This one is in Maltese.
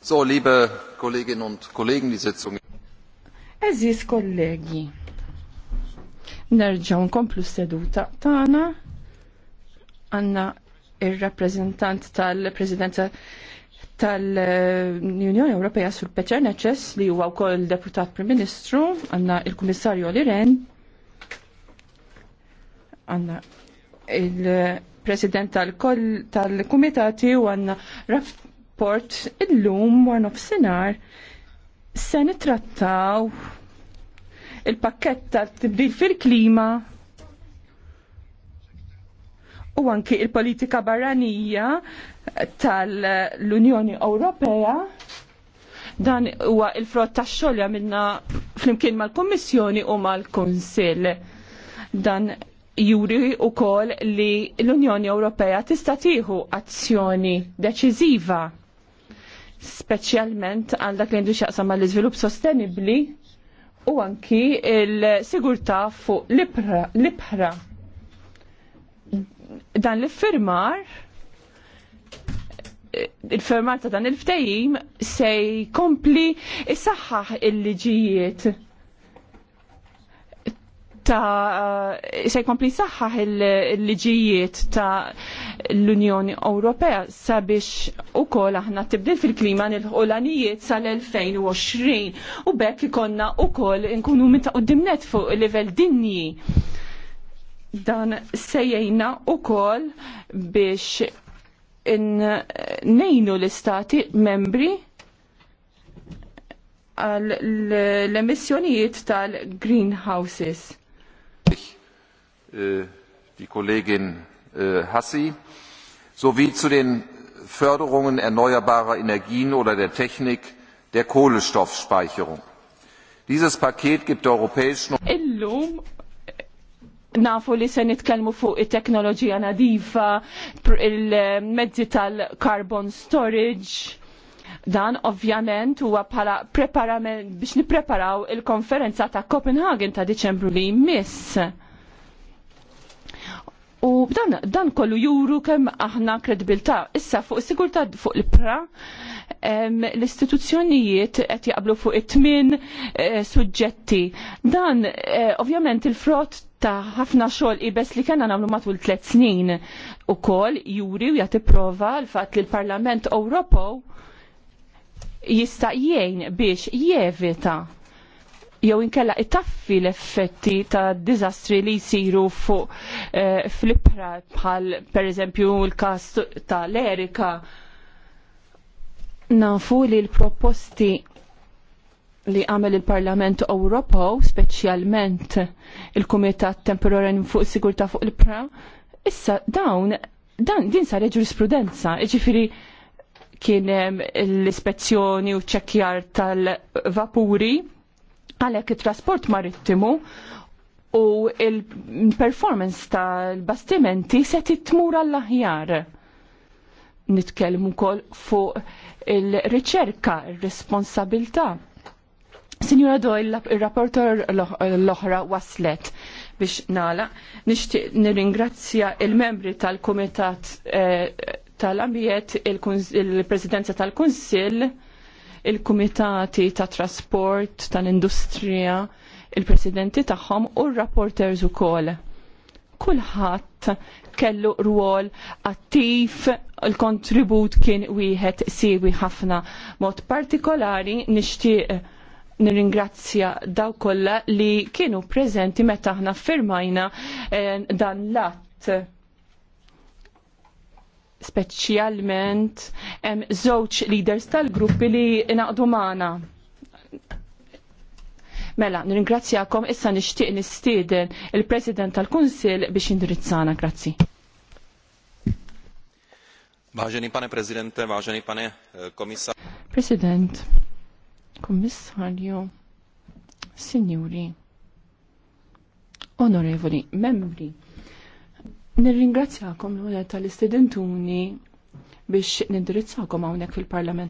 So, liebe Kolleginnen und Kollegen, die Sitzung. Eżis kollegi, nerġaw nkomplu seduta tagħna għanna ir-rappreżentant tal-Presidenza tal-Unjoni Ewropea sur Peter Neċess li huwa wkoll deputat Prim Ministru, għanna il-Kummissarju Oliren, għanna il-president tal kumitati u għanna rapport il-lum war nofsinar se nitrattaw il-pakket tal-tibdil fil-klima u anki il-politika barranija tal-Unjoni Ewropea dan huwa il-frott tax-xogħol minna flimkien mal-Kummissjoni u mal-Kunsill dan juri u kol li l-Unjoni Ewropea tista' tieħu azzjoni deċiżiva speċjalment għal dak li għandu xaqsam l iżvilupp sostenibbli u anki l-sigurtà fuq l-ibħra. Dan l-firmar il-firmar ta' dan il-ftejim se jkompli is-saħħaħ il-liġijiet ta' eh, se jkompli saħħaħ il-liġijiet ta' l-Unjoni Ewropea sabiex u kol aħna tibdil fil-klima nil-ħolanijiet sal-2020 u bekk ikonna u kol nkunu minn ta' qoddimnet fuq level dinji. Dan sejjajna u kol biex nejnu l-istati membri għal l-emissjonijiet tal-greenhouses Äh, die Kollegin äh, Hassi, sowie zu den Förderungen erneuerbarer Energien oder der Technik der Kohlenstoffspeicherung. Dieses Paket gibt der Europäischen Illum nafu li se nitkellmu fuq it-teknoloġija nadifa, il-mezzi tal-carbon storage. Dan ovvjament huwa bħala preparament biex nippreparaw il-konferenza ta' Copenhagen ta' Diċembru li jmiss U dan, dan kollu juru kemm aħna kredibilta. Issa fuq sigurta fuq il-pra l-istituzzjonijiet qed jaqblu fuq it tmin eh, suġġetti. Dan eh, ovvjament il-frott ta' ħafna xogħol ibes li kellna nagħmlu matul tliet snin ukoll juri u jagħti prova l-fatt li l-Parlament Ewropew jista' jgħin biex jevita jew inkella itaffi l-effetti ta' dizastri li jisiru fuq eh, fl ipra bħal pereżempju l-kas ta' l-Erika. Nafu li l-proposti li għamel il-Parlament Ewropew, speċjalment il-Kumitat Temporaran fuq Sigurtà fuq il-Pra, issa dawn dan din sa ġurisprudenza, ġifiri kien eh, l-ispezzjoni u ċekjar tal-vapuri Għalhekk it-trasport marittimu u il-performance tal-bastimenti se titmur għall-aħjar. Nitkellmu wkoll fuq il-riċerka, il responsabilità Signora Doyle, il-rapporter l-oħra waslet biex nala. Nishtiq nirringrazzja il-membri tal-Komitat eh, tal-Ambiet, il-Presidenza tal-Kunsill, il presidenza tal konsil il presidenza tal kunsill il-kumitati ta' trasport, tal-industrija, il-presidenti tagħhom u r-rapporters ukoll. Kulħadd kellu rwol attiv il-kontribut kien wieħed siewi ħafna. Mod partikolari nixtieq nirringrazzja daw kollha li kienu preżenti meta aħna firmajna eh, dan l-att speċjalment żewġ leaders tal-gruppi li inaqdu magħna. Mela, nirringrazzjakom issa nixtieq nistieden il-President tal-Kunsill biex indirizzana, grazzi. Vážený pane prezidente, vážený pane eh, komisar. President, komissarju, signori, onorevoli membri. Nirringrazzjakom l-għuna tal-istudentuni biex nindirizzakom għawnek fil-parlament.